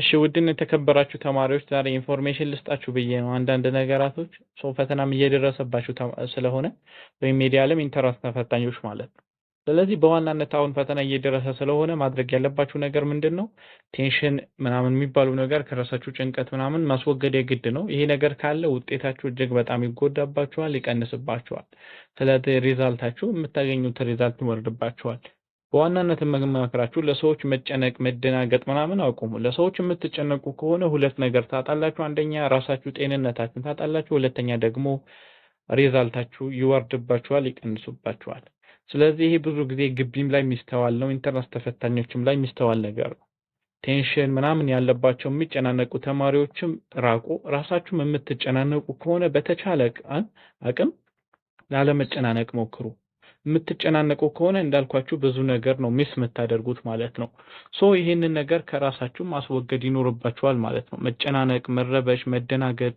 እሺ ውድን የተከበራችሁ ተማሪዎች ዛሬ ኢንፎርሜሽን ልስጣችሁ ብዬ ነው። አንዳንድ ነገራቶች ሰው ፈተናም እየደረሰባችሁ ስለሆነ ወይም ሜዲያ ዓለም ኢንተራስ ተፈታኞች ማለት ነው። ስለዚህ በዋናነት አሁን ፈተና እየደረሰ ስለሆነ ማድረግ ያለባችሁ ነገር ምንድን ነው? ቴንሽን ምናምን የሚባሉ ነገር ከረሳችሁ ጭንቀት ምናምን ማስወገድ የግድ ነው። ይሄ ነገር ካለ ውጤታችሁ እጅግ በጣም ይጎዳባችኋል፣ ይቀንስባችኋል። ስለ ሪዛልታችሁ የምታገኙት ሪዛልት ይወርድባችኋል። በዋናነት መመክራችሁ ለሰዎች መጨነቅ፣ መደናገጥ ምናምን አቁሙ። ለሰዎች የምትጨነቁ ከሆነ ሁለት ነገር ታጣላችሁ። አንደኛ ራሳችሁ ጤንነታችሁን ታጣላችሁ። ሁለተኛ ደግሞ ሪዛልታችሁ ይወርድባችኋል፣ ይቀንሱባችኋል። ስለዚህ ይሄ ብዙ ጊዜ ግቢም ላይ የሚስተዋል ነው። ኢንተርናስ ተፈታኞችም ላይ የሚስተዋል ነገር ነው። ቴንሽን ምናምን ያለባቸው የሚጨናነቁ ተማሪዎችም ራቁ። ራሳችሁም የምትጨናነቁ ከሆነ በተቻለ አቅም ላለመጨናነቅ ሞክሩ። የምትጨናነቁ ከሆነ እንዳልኳችሁ ብዙ ነገር ነው ሚስ የምታደርጉት ማለት ነው። ሶ ይህንን ነገር ከራሳችሁ ማስወገድ ይኖርባችኋል ማለት ነው። መጨናነቅ፣ መረበሽ፣ መደናገጥ፣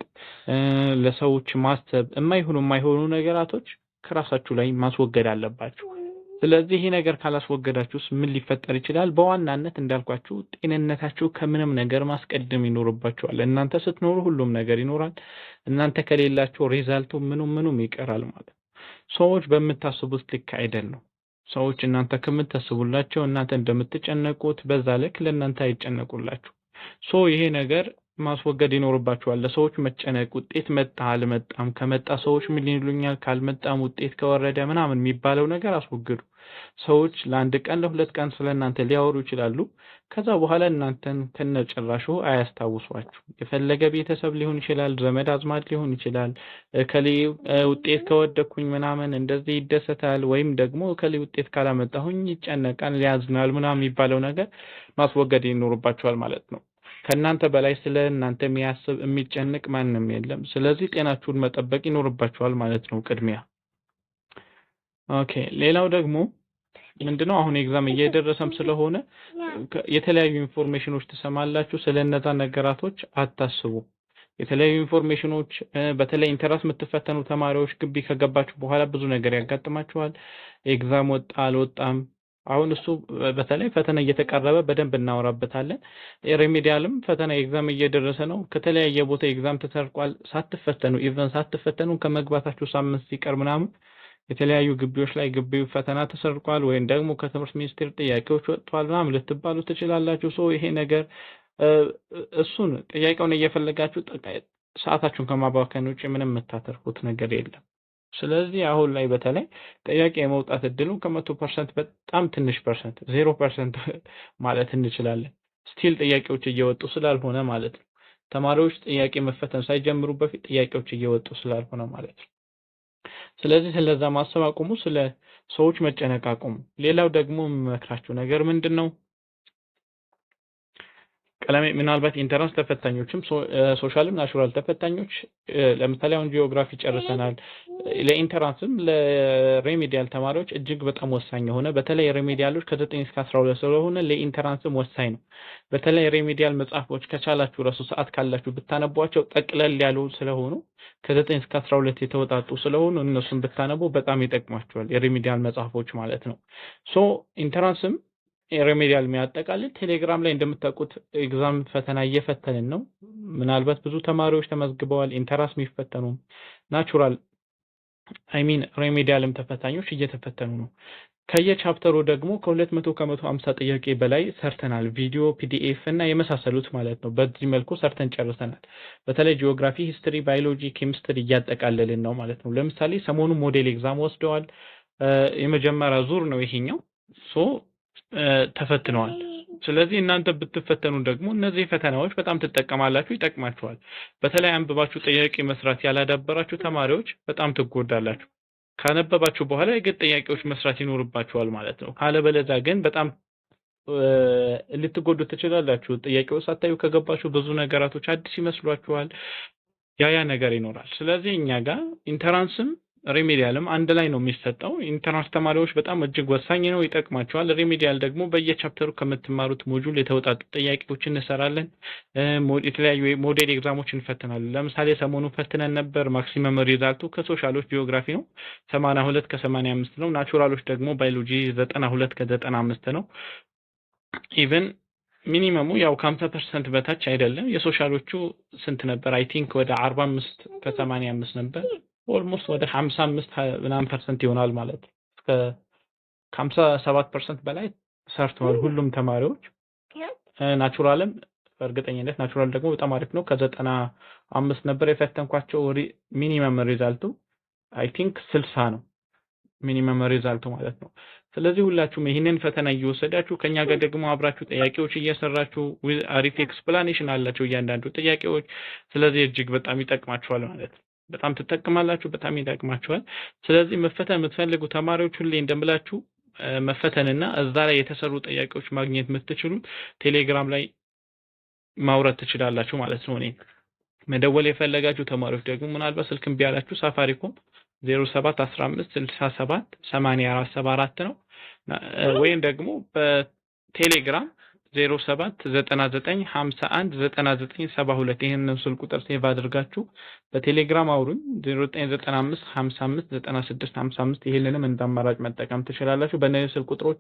ለሰዎች ማሰብ የማይሆኑ የማይሆኑ ነገራቶች ከራሳችሁ ላይ ማስወገድ አለባችሁ። ስለዚህ ይሄ ነገር ካላስወገዳችሁስ ምን ሊፈጠር ይችላል? በዋናነት እንዳልኳችሁ ጤንነታችሁ ከምንም ነገር ማስቀደም ይኖርባችኋል። እናንተ ስትኖሩ ሁሉም ነገር ይኖራል። እናንተ ከሌላችሁ ሪዛልቱ ምኑም ምኑም ይቀራል ማለት ነው። ሰዎች በምታስቡት ልክ አይደለም። ሰዎች እናንተ ከምታስቡላቸው እናንተ እንደምትጨነቁት በዛ ልክ ለእናንተ አይጨነቁላችሁ። ሶ ይሄ ነገር ማስወገድ ይኖርባችኋል። ለሰዎች መጨነቅ ውጤት መጣ አልመጣም፣ ከመጣ ሰዎች ምን ይሉኛል፣ ካልመጣም ውጤት ከወረደ ምናምን የሚባለው ነገር አስወግዱ። ሰዎች ለአንድ ቀን ለሁለት ቀን ስለእናንተ ሊያወሩ ይችላሉ። ከዛ በኋላ እናንተን ከነጭራሹ አያስታውሷችሁ። የፈለገ ቤተሰብ ሊሆን ይችላል፣ ዘመድ አዝማድ ሊሆን ይችላል። ከሌ ውጤት ከወደኩኝ ምናምን እንደዚህ ይደሰታል፣ ወይም ደግሞ ከሌ ውጤት ካላመጣሁኝ ይጨነቃል፣ ያዝናል፣ ምናምን የሚባለው ነገር ማስወገድ ይኖርባችኋል ማለት ነው። ከእናንተ በላይ ስለ እናንተ የሚያስብ የሚጨንቅ ማንም የለም። ስለዚህ ጤናችሁን መጠበቅ ይኖርባችኋል ማለት ነው ቅድሚያ። ኦኬ ሌላው ደግሞ ምንድነው አሁን ኤግዛም እየደረሰም ስለሆነ የተለያዩ ኢንፎርሜሽኖች ትሰማላችሁ። ስለነዛ ነገራቶች አታስቡ። የተለያዩ ኢንፎርሜሽኖች በተለይ ኢንተራስ የምትፈተኑ ተማሪዎች ግቢ ከገባችሁ በኋላ ብዙ ነገር ያጋጥማችኋል። ኤግዛም ወጣ አልወጣም አሁን እሱ በተለይ ፈተና እየተቀረበ በደንብ እናወራበታለን። ሬሜዲያልም ፈተና ኤግዛም እየደረሰ ነው። ከተለያየ ቦታ ኤግዛም ተሰርቋል። ሳትፈተኑ ኢቨን ሳትፈተኑ ከመግባታችሁ ሳምንት ሲቀር ምናምን የተለያዩ ግቢዎች ላይ ግቢው ፈተና ተሰርቋል ወይም ደግሞ ከትምህርት ሚኒስቴር ጥያቄዎች ወጥቷል ምናምን ልትባሉ ትችላላችሁ። ሰው ይሄ ነገር እሱን ጥያቄውን እየፈለጋችሁ ሰዓታችሁን ከማባከን ውጭ ምንም የምታተርፉት ነገር የለም። ስለዚህ አሁን ላይ በተለይ ጥያቄ የመውጣት እድሉ ከመቶ ፐርሰንት በጣም ትንሽ ፐርሰንት ዜሮ ፐርሰንት ማለት እንችላለን። ስቲል ጥያቄዎች እየወጡ ስላልሆነ ማለት ነው። ተማሪዎች ጥያቄ መፈተን ሳይጀምሩ በፊት ጥያቄዎች እየወጡ ስላልሆነ ማለት ነው። ስለዚህ ስለዛ ማሰብ አቁሙ። ስለ ሰዎች መጨነቅ አቁሙ። ሌላው ደግሞ የምመክራችሁ ነገር ምንድን ነው ቀለም ምናልባት ኢንተራንስ ተፈታኞችም ሶሻልም ናቹራል ተፈታኞች ለምሳሌ አሁን ጂኦግራፊ ጨርሰናል። ለኢንተራንስም ለሬሜዲያል ተማሪዎች እጅግ በጣም ወሳኝ የሆነ በተለይ ሬሜዲያሎች ከዘጠኝ እስከ አስራ ሁለት ስለሆነ ለኢንተራንስም ወሳኝ ነው። በተለይ ሬሜዲያል መጽሐፎች ከቻላችሁ ረሱ ሰዓት ካላችሁ ብታነቧቸው ጠቅለል ያሉ ስለሆኑ ከዘጠኝ እስከ አስራ ሁለት የተወጣጡ ስለሆኑ እነሱን ብታነቡ በጣም ይጠቅሟቸዋል። የሬሜዲያል መጽሐፎች ማለት ነው ሶ ኢንተራንስም ሪሜዲያል የሚያጠቃልል ቴሌግራም ላይ እንደምታውቁት ኤግዛም ፈተና እየፈተንን ነው። ምናልባት ብዙ ተማሪዎች ተመዝግበዋል። ኢንተራስ የሚፈተኑ ናቹራል ሚን ሪሜዲያልም ተፈታኞች እየተፈተኑ ነው። ከየቻፕተሩ ደግሞ ከ200 ከ150 ጥያቄ በላይ ሰርተናል። ቪዲዮ፣ ፒዲኤፍ እና የመሳሰሉት ማለት ነው። በዚህ መልኩ ሰርተን ጨርሰናል። በተለይ ጂኦግራፊ፣ ሂስትሪ፣ ባዮሎጂ፣ ኬሚስትሪ እያጠቃለልን ነው ማለት ነው። ለምሳሌ ሰሞኑ ሞዴል ኤግዛም ወስደዋል። የመጀመሪያ ዙር ነው ይሄኛው ሶ ተፈትነዋል። ስለዚህ እናንተ ብትፈተኑ ደግሞ እነዚህ ፈተናዎች በጣም ትጠቀማላችሁ፣ ይጠቅማችኋል። በተለይ አንብባችሁ ጥያቄ መስራት ያላዳበራችሁ ተማሪዎች በጣም ትጎዳላችሁ። ካነበባችሁ በኋላ የግድ ጥያቄዎች መስራት ይኖርባችኋል ማለት ነው። ካለበለዚያ ግን በጣም ልትጎዱ ትችላላችሁ። ጥያቄው ሳታዩ ከገባችሁ ብዙ ነገራቶች አዲስ ይመስሏችኋል። ያ ያ ነገር ይኖራል። ስለዚህ እኛ ጋር ኢንተራንስም ሪሜዲያልም አንድ ላይ ነው የሚሰጠው። ኢንተራንስ ተማሪዎች በጣም እጅግ ወሳኝ ነው፣ ይጠቅማቸዋል። ሪሜዲያል ደግሞ በየቻፕተሩ ከምትማሩት ሞጁል የተወጣጡ ጥያቄዎችን እንሰራለን። የተለያዩ ሞዴል ኤግዛሞች እንፈትናለን። ለምሳሌ ሰሞኑ ፈትነን ነበር። ማክሲመም ሪዛልቱ ከሶሻሎች ጂኦግራፊ ነው ሰማንያ ሁለት ከሰማንያ አምስት ነው። ናቹራሎች ደግሞ ባዮሎጂ ዘጠና ሁለት ከዘጠና አምስት ነው። ኢቨን ሚኒመሙ ያው ከሀምሳ ፐርሰንት በታች አይደለም። የሶሻሎቹ ስንት ነበር? አይ ቲንክ ወደ አርባ አምስት ከሰማንያ አምስት ነበር። ኦልሞስት ወደ 55 ምናምን ፐርሰንት ይሆናል ማለት እስከ 57 ፐርሰንት በላይ ሰርተዋል ሁሉም ተማሪዎች። ናቹራልም በእርግጠኝነት ናቹራል ደግሞ በጣም አሪፍ ነው። ከዘጠና አምስት ነበር የፈተንኳቸው ሚኒመም ሪዛልቱ አይ ቲንክ ስልሳ ነው ሚኒመም ሪዛልቱ ማለት ነው። ስለዚህ ሁላችሁም ይህንን ፈተና እየወሰዳችሁ ከኛ ጋር ደግሞ አብራችሁ ጥያቄዎች እየሰራችሁ አሪፍ ኤክስፕላኔሽን አላቸው እያንዳንዱ ጥያቄዎች። ስለዚህ እጅግ በጣም ይጠቅማችኋል ማለት ነው። በጣም ትጠቅማላችሁ፣ በጣም ይጠቅማችኋል። ስለዚህ መፈተን የምትፈልጉ ተማሪዎች ሁሌ እንደምላችሁ መፈተንና እዛ ላይ የተሰሩ ጥያቄዎች ማግኘት የምትችሉት ቴሌግራም ላይ ማውረድ ትችላላችሁ ማለት ነው። እኔ መደወል የፈለጋችሁ ተማሪዎች ደግሞ ምናልባት ስልክም ቢያላችሁ ሳፋሪኮም 0715678474 ነው ወይም ደግሞ በቴሌግራም ዜሮ ሰባት ዘጠና ዘጠኝ ሀምሳ አንድ ዘጠና ዘጠኝ ሰባ ሁለት ይህንን ስልክ ቁጥር ሴቭ አድርጋችሁ በቴሌግራም አውሩኝ። ዜሮ ዘጠኝ ዘጠና አምስት ሀምሳ አምስት ዘጠና ስድስት ሀምሳ አምስት ይህንንም እንደ አማራጭ መጠቀም ትችላላችሁ። በእነዚህ ስልክ ቁጥሮች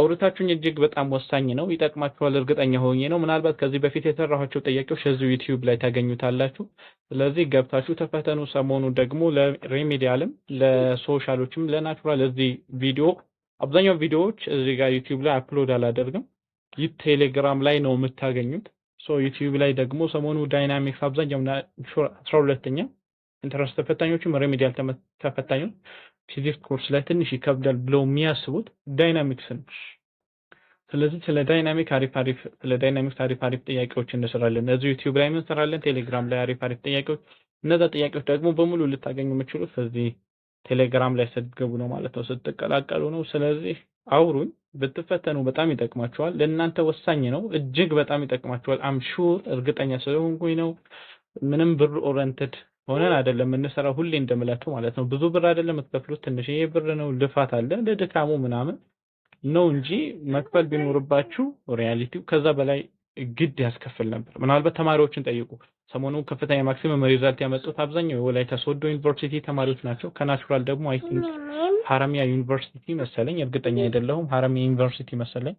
አውርታችሁኝ እጅግ በጣም ወሳኝ ነው፣ ይጠቅማችኋል እርግጠኛ ሆኜ ነው። ምናልባት ከዚህ በፊት የሰራኋቸው ጥያቄዎች እዚሁ ዩቲዩብ ላይ ታገኙታላችሁ። ስለዚህ ገብታችሁ ተፈተኑ። ሰሞኑ ደግሞ ለሬሜዲያልም ለሶሻሎችም ለናቹራል እዚህ ቪዲዮ አብዛኛው ቪዲዮዎች እዚህ ጋር ዩቲዩብ ላይ አፕሎድ አላደርግም ይህ ቴሌግራም ላይ ነው የምታገኙት። ሶ ዩቲዩብ ላይ ደግሞ ሰሞኑ ዳይናሚክስ አብዛኛው አስራ ሁለተኛ ኢንትረንስ ተፈታኞችም ሬሜዲያል ተፈታኞች ፊዚክስ ኮርስ ላይ ትንሽ ይከብዳል ብለው የሚያስቡት ዳይናሚክስ ነው። ስለዚህ ስለ ዳይናሚክ አሪፍ አሪፍ ስለ ዳይናሚክስ አሪፍ አሪፍ ጥያቄዎች እንሰራለን። እዚህ ዩቲዩብ ላይ እንሰራለን። ቴሌግራም ላይ አሪፍ አሪፍ ጥያቄዎች እነዛ ጥያቄዎች ደግሞ በሙሉ ልታገኙ የምችሉት እዚህ ቴሌግራም ላይ ስትገቡ ነው ማለት ነው፣ ስትቀላቀሉ ነው። ስለዚህ አውሩኝ። ብትፈተኑ በጣም ይጠቅማችኋል። ለእናንተ ወሳኝ ነው። እጅግ በጣም ይጠቅማችኋል። አም እርግጠኛ ስለሆንኩኝ ነው። ምንም ብር ኦሪየንትድ ሆነን አይደለም እንሰራው። ሁሌ እንደምላችሁ ማለት ነው። ብዙ ብር አይደለም የምትከፍሉት፣ ትንሽዬ ብር ነው። ልፋት አለ ለድካሙ ምናምን ነው እንጂ መክፈል ቢኖርባችሁ ሪያሊቲው ከዛ በላይ ግድ ያስከፍል ነበር። ምናልባት ተማሪዎችን ጠይቁ። ሰሞኑን ከፍተኛ ማክሲመም ሪዛልት ያመጡት አብዛኛው የወላይታ ሶዶ ዩኒቨርሲቲ ተማሪዎች ናቸው። ከናቹራል ደግሞ አይ ቲንክ ሀረሚያ ዩኒቨርሲቲ መሰለኝ፣ እርግጠኛ አይደለሁም። ሀረሚያ ዩኒቨርሲቲ መሰለኝ።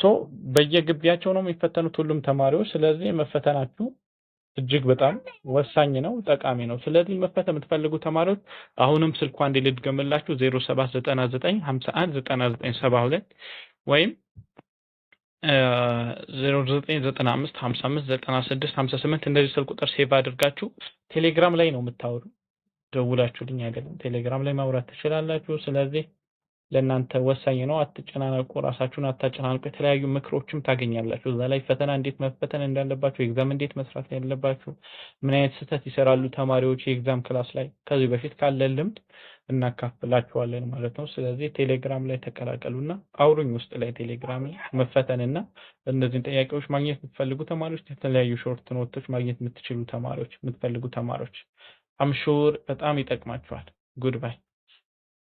ሶ በየግቢያቸው ነው የሚፈተኑት ሁሉም ተማሪዎች። ስለዚህ መፈተናችሁ እጅግ በጣም ወሳኝ ነው፣ ጠቃሚ ነው። ስለዚህ መፈተን የምትፈልጉ ተማሪዎች አሁንም ስልኳ እንዲልድገምላችሁ 0799 51 99 ወይም 0995559658 እንደዚህ ስልክ ቁጥር ሴቭ አድርጋችሁ ቴሌግራም ላይ ነው የምታወሩ። ደውላችሁልኝ አይደለም ቴሌግራም ላይ ማውራት ትችላላችሁ። ስለዚህ ለእናንተ ወሳኝ ነው። አትጨናነቁ፣ ራሳችሁን አታጨናንቁ። የተለያዩ ምክሮችም ታገኛላችሁ እዛ ላይ ፈተና እንዴት መፈተን እንዳለባችሁ፣ ኤግዛም እንዴት መስራት ያለባችሁ፣ ምን አይነት ስህተት ይሰራሉ ተማሪዎች የኤግዛም ክላስ ላይ ከዚህ በፊት ካለ ልምድ እናካፍላችኋለን ማለት ነው። ስለዚህ ቴሌግራም ላይ ተቀላቀሉና አውሩኝ ውስጥ ላይ ቴሌግራም ላይ መፈተንና እነዚህን ጥያቄዎች ማግኘት የምትፈልጉ ተማሪዎች፣ የተለያዩ ሾርት ኖቶች ማግኘት የምትችሉ ተማሪዎች የምትፈልጉ ተማሪዎች አምሹር በጣም ይጠቅማችኋል። ጉድ ባይ